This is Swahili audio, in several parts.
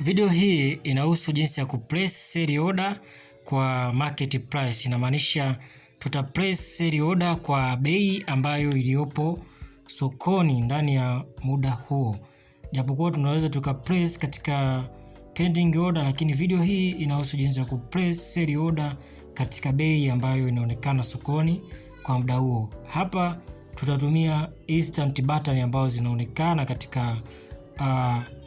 Video hii inahusu jinsi ya kuplace sell order kwa market price. Inamaanisha tuta place sell order kwa bei ambayo iliyopo sokoni ndani ya muda huo, japokuwa tunaweza tuka place katika pending order, lakini video hii inahusu jinsi ya kuplace sell order katika bei ambayo inaonekana sokoni kwa muda huo. Hapa tutatumia instant button ambazo zinaonekana katika uh,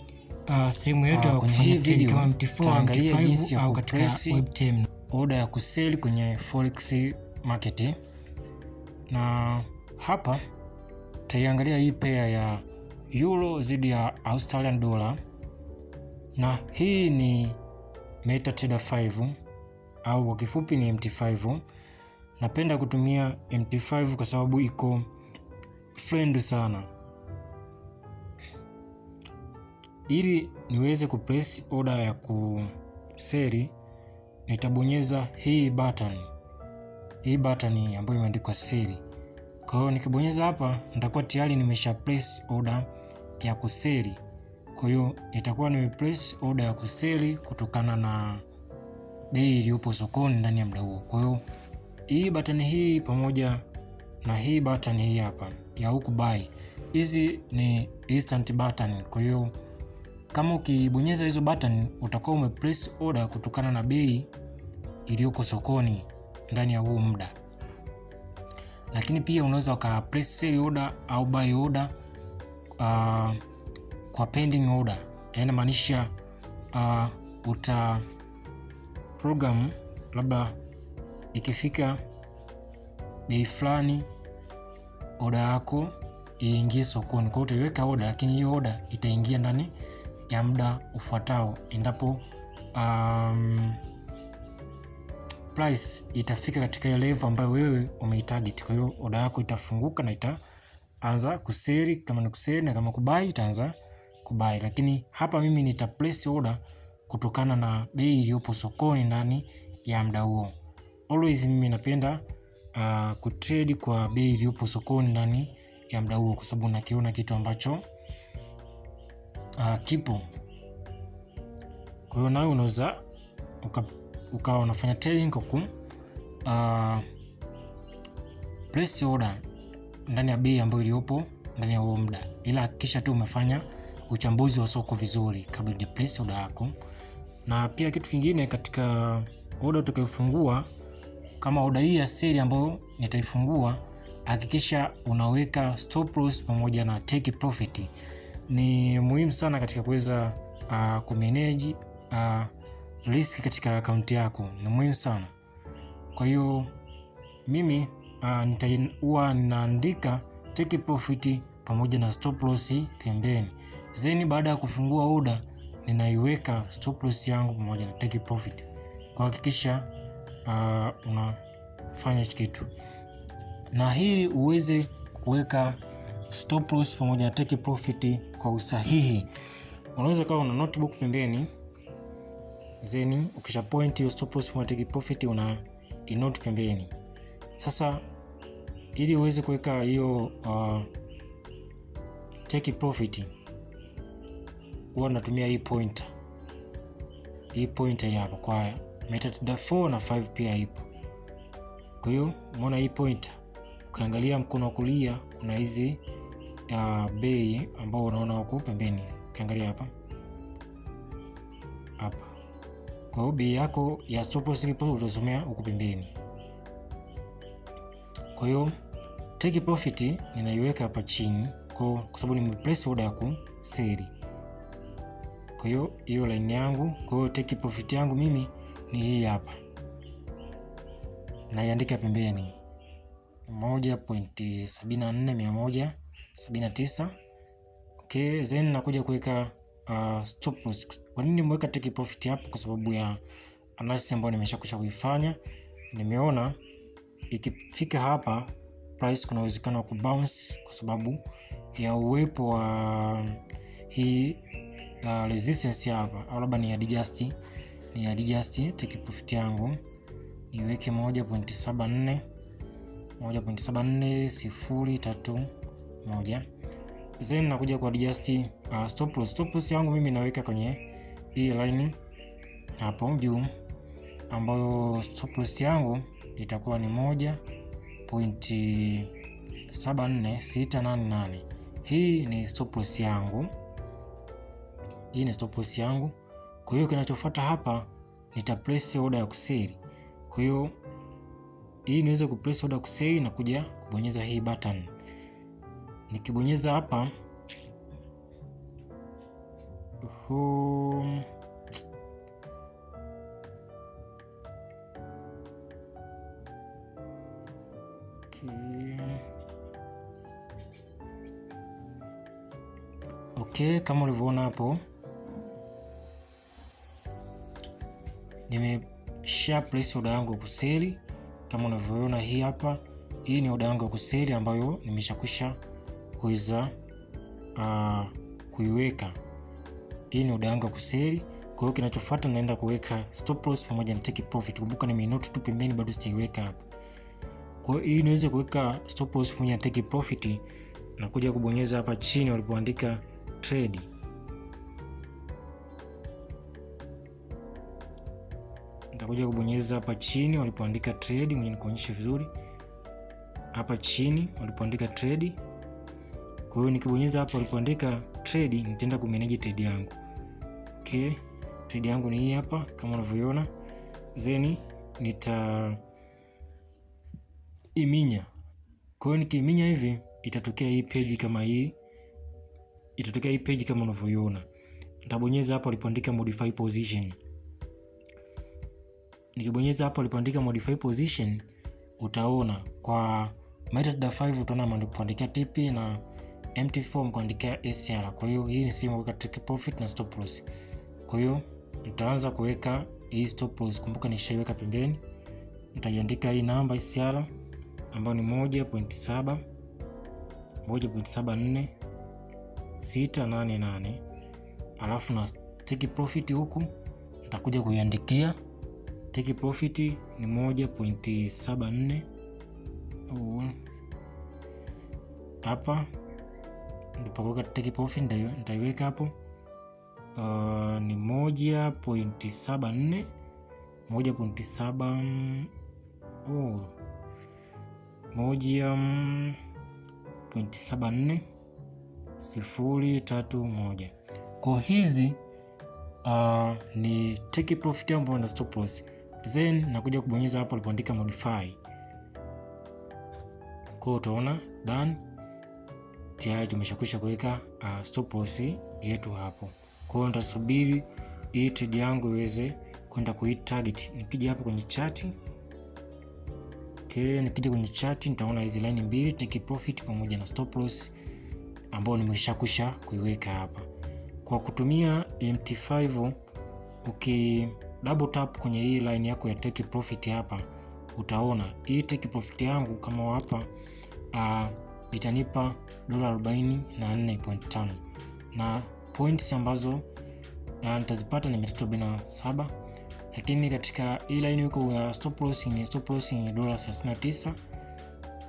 uh, sehemu yote uh, ya kufanya video kama MT4, MT5 au katika WebTM, ya kuseli kwenye forex market, na hapa tutaiangalia hii pair ya euro dhidi ya Australian dollar, na hii ni MetaTrader 5 au kwa kifupi ni MT5. Napenda kutumia MT5 kwa sababu iko friend sana Ili niweze kuplace order ya kuseli, nitabonyeza hii button, hii button ambayo imeandikwa seri. Kwa hiyo nikibonyeza hapa, nitakuwa tayari nimesha place order ya kuseli. Kwa hiyo nitakuwa nime order ya kuseli kutokana na bei iliyopo sokoni ndani ya muda huo. Kwa hiyo hii button hii pamoja na hii button hii hapa ya huku buy, hizi ni instant button, kwa hiyo kama ukibonyeza hizo button utakuwa umeplace order kutokana na bei iliyoko sokoni ndani ya huo muda, lakini pia unaweza uka place sell order au buy order uh, kwa pending order, yaani maanisha uh, uta program labda ikifika bei fulani oda yako iingie sokoni, kwa hiyo utaiweka oda, lakini hiyo oda itaingia ndani ya muda ufuatao endapo um, price itafika katika ile level ambayo wewe umeitarget. Kwa hiyo oda yako itafunguka na itaanza kusiri, kama ni kusiri na kama kubai itaanza kubai. Lakini hapa mimi nita place order kutokana na bei iliyopo sokoni ndani ya muda huo. Always mimi napenda uh, kutrade kwa bei iliyopo sokoni ndani ya muda huo, kwa sababu nakiona kitu ambacho uh, kipo. Kwa hiyo nawe unaweza ukawa uka unafanya trading kwa ku uh, ah, press order ndani ya bei ambayo iliyopo ndani ya huo muda, ila hakikisha tu umefanya uchambuzi wa soko vizuri kabla ya press order yako. Na pia kitu kingine katika order utakayofungua, kama order hii ya seri ambayo nitaifungua, hakikisha unaweka stop loss pamoja na take profit ni muhimu sana katika kuweza uh, ah, kumeneji uh, ah, risk katika akaunti yako, ni muhimu sana. Kwa hiyo mimi ah, huwa uh, ninaandika take profit pamoja na stop loss pembeni, then baada ya kufungua order ninaiweka stop loss yangu pamoja na take profit kuhakikisha uh, unafanya kitu na hii uweze kuweka stop loss pamoja na take profit kwa usahihi. Unaweza ukawa una notebook pembeni, zeni ukisha point hiyo stop loss pamoja na take profit una note pembeni. Sasa ili uweze kuweka hiyo uh, take profit huwa natumia hii pointer. Hii pointer hapo kwa metadata 4 na 5 pia ipo. Kwa hiyo umeona hii pointer, ukiangalia mkono wa kulia kuna hizi ya bei ambao unaona huku pembeni, ukiangalia hapa hapa. Kwa hiyo bei yako ya stop loss utasomea huku pembeni. Kwa hiyo take profit ninaiweka hapa chini kwa sababu ni place order ya kuseli. Kwa hiyo hiyo line yangu, kwa hiyo take profit yangu mimi ni hii hapa, naiandika pembeni 1.74100 79. Okay, then nakuja kuweka uh, stop loss. Kwa nini nimeweka take profit hapo? Kwa sababu ya analysis ambayo nimeshakwisha kuifanya. Nimeona ikifika hapa price kuna uwezekano wa kubounce kwa sababu ya uwepo wa um, hii uh, resistance hapa, au labda ni adjust ni adjust take profit yangu niweke 1.74 1.74 sifuri moja. Then nakuja ku adjust uh, stop loss. Stop loss yangu mimi naweka kwenye hii line hapo juu, ambayo stop loss yangu itakuwa ni moja pointi saba nne sita nane nane. Hii ni stop loss yangu, hii ni stop loss yangu. Kwa hiyo kinachofuata hapa nita place order ya kuseli. Kwa hiyo hii niweze ku place order kuseli na kuja kubonyeza hii button nikibonyeza hapa home Okay, kama ulivyoona hapo nimesha place oda yangu ya kuseli. Kama unavyoona hii hapa, hii ni oda yangu ya kuseli ambayo nimeshakwisha kuweza uh, kuiweka. Hii ni oda yangu ya kuseli. Kwa hiyo kinachofuata naenda kuweka stop loss pamoja na take profit. Kumbuka ni minute tu pembeni bado sijaiweka hapo. Kwa hiyo hii niweze kuweka stop loss pamoja na take profit na kuja kubonyeza hapa chini walipoandika trade. Nitakuja kubonyeza hapa chini walipoandika trade, ngoja nikuonyeshe vizuri. Hapa chini walipoandika trade kwa hiyo nikibonyeza hapo alipoandika trade nitaenda kumanage trade yangu. Okay, trade yangu ni hii hapa kama unavyoiona. Then nita iminya. Kwa hiyo nikiminya hivi itatokea hii page kama hii. Itatokea hii page kama unavyoiona. Nitabonyeza hapo alipoandika modify position. Nikibonyeza hapo alipoandika modify position utaona kwa MetaTrader 5 utaona maandiko kuandikia TP na MT4 mkuandikia SR. Kwa hiyo hii ni sehemu kuweka take profit na stop loss. Kwa hiyo nitaanza kuweka hii stop loss, kumbuka nishaiweka pembeni. Nitaiandika hii namba SR ambayo ni 1.7 1.74688 alafu na take profit huku nitakuja kuiandikia take profit ni 1.74 hapa ndipo katika kipofi nitaiweka hapo uh, ni moja pointi saba nne moja pointi saba mm, oh, moja mm, pointi saba nne sifuri tatu moja kwa hizi uh, ni take profit yangu na stop loss then nakuja kubonyeza hapo alipoandika modify kwa utaona done tayari tumeshakwisha kuweka uh, stop loss yetu hapo. Kwa hiyo nitasubiri hii trade yangu iweze kwenda kuhit target. Nikija hapo kwenye chati okay, nikija kwenye chati nitaona hizi line mbili take profit pamoja na stop loss ambayo nimeshakwisha kuiweka hapa. Kwa kutumia MT5 uki double tap kwenye hii line yako ya take profit hapa, utaona hii take profit yangu kama hapa uh, itanipa dola 44.5 na points ambazo nitazipata ni 347, lakini katika hii line yuko ya stop loss ni stop loss ni dola 39.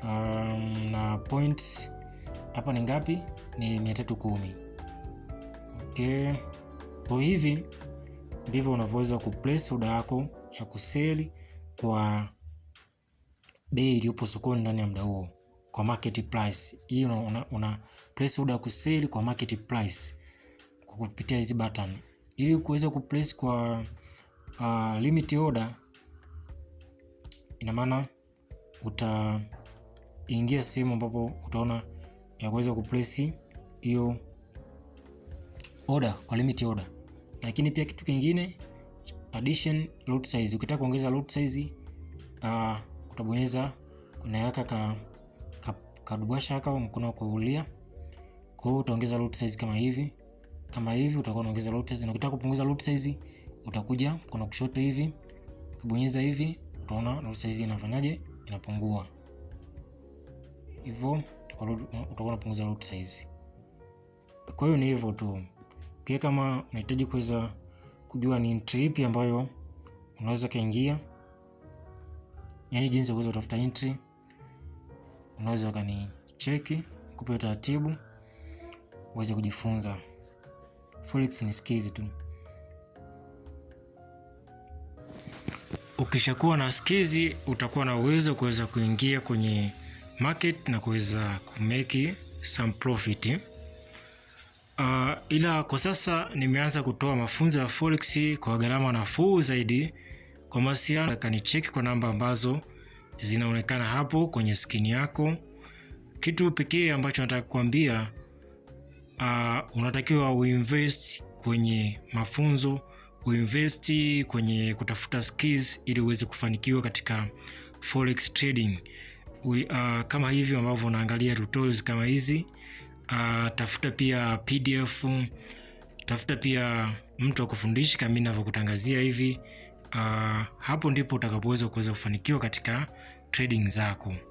Um, na points hapa ni ngapi? Ni 310. Okay, kwa hivi ndivyo unavyoweza kuplace oda yako ya kuseli kwa bei iliyopo sokoni ndani ya muda huo kwa market price. Hii una, una place order ku sell kwa market price kwa kupitia hizi button. Ili kuweza ku place kwa uh, limit order, ina maana utaingia sehemu ambapo utaona ya kuweza ku place hiyo order kwa limit order. Lakini pia kitu kingine addition lot size, ukitaka kuongeza lot size uh, utabonyeza kuna yaka ka kadubasha hapa mkono wako wa kulia. Kwa hiyo utaongeza root size kama hivi. Kama hivi utakuwa unaongeza root size. Na ukitaka kupunguza root size utakuja mkono kushoto hivi. Ukibonyeza hivi utaona root size inafanyaje? Inapungua. Hivyo utakuwa unapunguza root size. Kwa hiyo ni hivyo tu. Pia kama unahitaji kuweza kujua ni entry ipi ambayo unaweza kaingia, yani jinsi ya kuweza kutafuta entry unaweza ukanicheki kupewa taratibu uweze kujifunza. Forex ni skills tu. Ukishakuwa na skizi, utakuwa na uwezo kuweza kuingia kwenye market na kuweza kumeki some profit. Uh, ila kwa sasa nimeanza kutoa mafunzo ya forex kwa gharama nafuu zaidi. Kwa mawasiliano, kanicheki kwa namba ambazo zinaonekana hapo kwenye skini yako. Kitu pekee ambacho nataka kuambia uh, ah, unatakiwa uinvest kwenye mafunzo, uinvest kwenye kutafuta skills ili uweze kufanikiwa katika forex trading. We, uh, kama hivyo ambavyo unaangalia tutorials kama hizi uh, tafuta pia PDF, tafuta pia mtu kufundisha kama ninavyokutangazia hivi uh, hapo ndipo utakapoweza kuweza kufanikiwa katika trading zako.